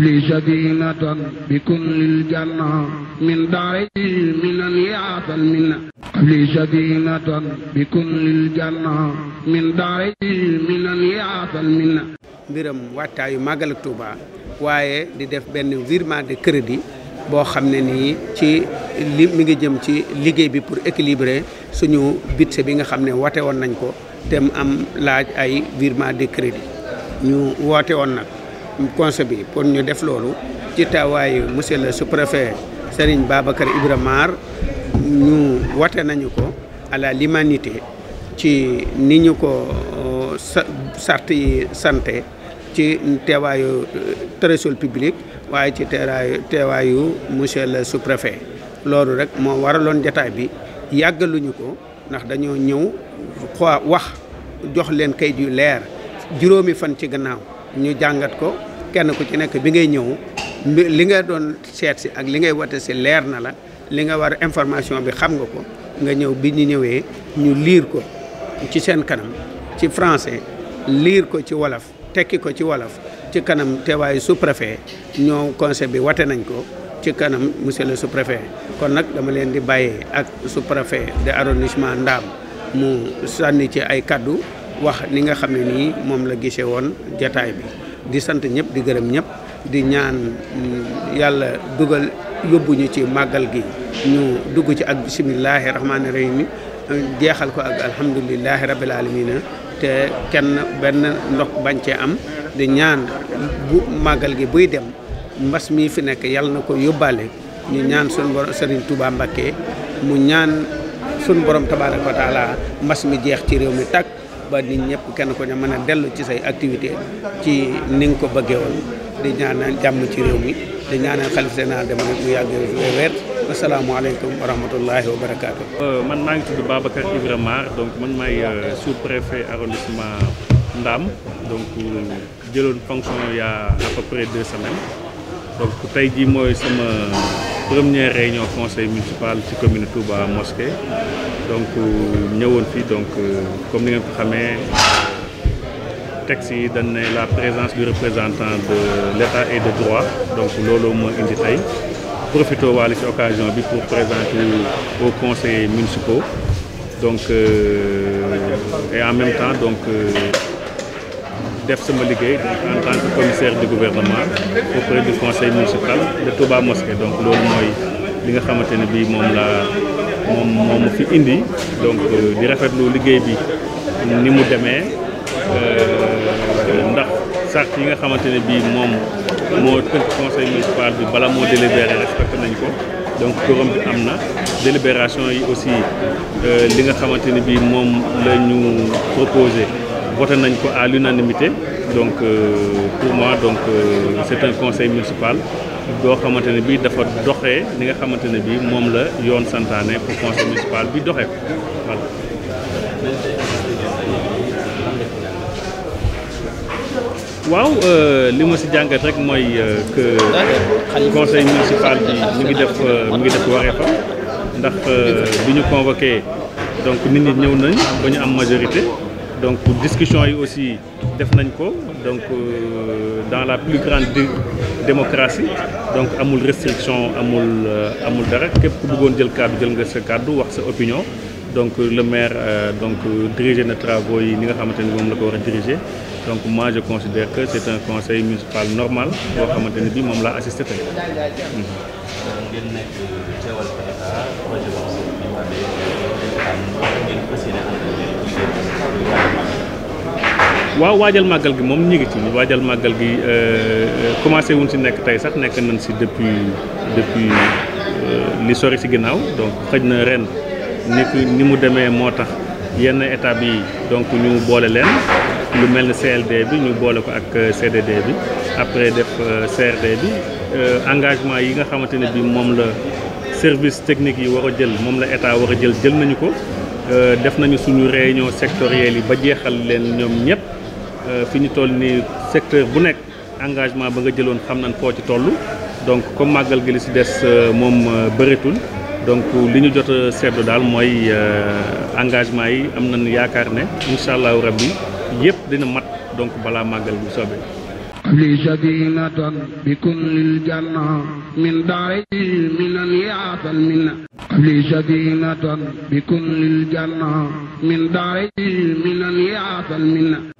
li sadinatan bi kullil janna min daari minan yaatal minna li sadinatan bi minan yaatal minna mbiram waajtaayu màggal Tuuba waaye di def benn virement de crédit boo xam ne ni ci li mi ngi jëm ci liggéey bi pour équilibrer suñu budget bi nga xam ne wate woon nañ ko te am laaj ay virement de crédit ñu woote woon nag conseil bi pour ñu def loolu ci taawaayu monsieur le sous-préfet Serigne Babacar Ibra ñu wate nañu ko à la l'unanimité ci ni ñu ko euh, sart yi santé ci teewaayu euh, trésor public waaye ci teewaayu teewaayu monsieur le sous loolu rek moo waraloon jataay bi yàggaluñu ko ndax dañoo ñëw xoo wax jox leen kayit yu leer juróomi fan ci gannaaw ñu jàngat ko kenn ku ci nekk bi ngay ñëw mbi li nga doon seet si ak li ngay wate si leer na la li nga war information bi xam nga ko nga ñëw bi ñu ñëwee ñu liir ko ci seen kanam ci français liir ko ci wolof tekki ko ci wolof ci kanam teewaayu sous-préfet ñoo conseil bi wate nañ ko ci kanam monsieur le sous-préfet kon nag dama leen di bàyyee ak sous-préfet de arrondissement Ndaam mu sànni ci ay kàddu wax li nga xam ne nii moom la gisee woon jataay bi di sant ñëpp di gërëm ñëpp di ñaan mm, yàlla dugal yóbbu ñu ci màggal gi ñu dugg ci ak bisimilahi rahmaani rahim jeexal ko ak alhamdulilahi rabil alamina te kenn benn ndox bañ cee am di ñaan bu màggal gi buy dem mbas mii fi nekk yàlla na ko yóbbaale ñu ñaan sun borom Serigne Touba mu ñaan sun borom tabaraka wa mbas mi jeex ci réew mi tàkk ba nit ñëpp kenn ko ne mën a dellu ci say activité ci ni nga ko bëggee woon di ñaanal jàmm ci réew mi di ñaanal xalif naa dem nag mu yàgg weer asalaamaaleykum wa rahmatullahi wa barakaatu. Euh, man maa ngi tudd Babacar Ibrahima donc man maay euh, sous-préfet arrondissement Ndam donc euh, jëloon fonction il y a à peu près deux semaines donc tey jii mooy sama. première réunion conseil municipal ci commune Touba Mosquée donc ñëwoon fii donc comme ni nga ko xamee texte yi dañ la présence du représentant de l'État et de droit donc loolu mooy indi tey profité waale ci occasion bi pour présenter aux conseillers municipaux donc euh, et en même temps donc. Euh, def sama liggéey en tant que commissaire du gouvernement auprès du conseil municipal de Touba Mosquée donc loolu mooy li nga xamante ne bii moom la moom fi indi donc euh, di rafetlu liggéey bi ni mu demee euh, ndax sart yi nga xamante ne bii moom moo tënk conseil municipal bi bala moo délibéré respecté nañ ko donc quorum bi am na délibération yi aussi euh, li nga xamante ne bii moom la proposé voté nañ ko à l'unanimité donc euh, pour donc euh, c'est un conseil municipal boo xamante ne bii dafa doxee li nga xamante ne bii moom la yoon santaane pour conseil municipal bi doxee ko voilà. Euh, ma si jàngat rek mooy que conseil mu ngi def mu ngi def waree fa ndax bi ñu convoqué donc nit ñi ñëw nañ ba ñu am majorité. donc discussion yi aussi def nañ ko donc euh, dans la plus grande démocratie donc amul restriction amul euh, amul dara képp ku bëggoon jël kàddu jël nga sa kàddu wax sa opinion donc euh, le maire donc diriger na travaux yi ni nga xamante ni moom la ko war a diriger donc moi je considère que c'est un conseil municipal normal boo xamante ni bi moom laa assisté tey waaw waajal màggal gi moom ñu ngi ci waajal màggal gi euh, euh, commencé wuñ ci nekk tey sax nekk nañ si depuis depuis euh, li sori si ginnaaw donc xëj na ren ni ni mu demee moo tax yenn étape yi donc ñu boole leen lu mel ne CLD bi ñu boole ko ak CDD bi. après def euh, CRD bi euh, engagement yi nga xamante ne bi moom la service technique yi war a jël moom la état war a jël jël nañu ko euh, def nañu suñu réunion sectorielle yi ba jeexal leen ñoom ñëpp fi ñu toll nii secteur bu nekk engagement ba nga jëloon xam nañ foo ci toll donc comme màggal gi li si des moom bëreetul donc li ñu jot a daal mooy engagement yi am nañu yaakaar ne incha allahu rabbi yëpp dina mat donc balaa màggal bu soobee. لي سكينة بكل الجنة من داري من يا المنة لي سكينة بكل الجنة من داري من يا المنة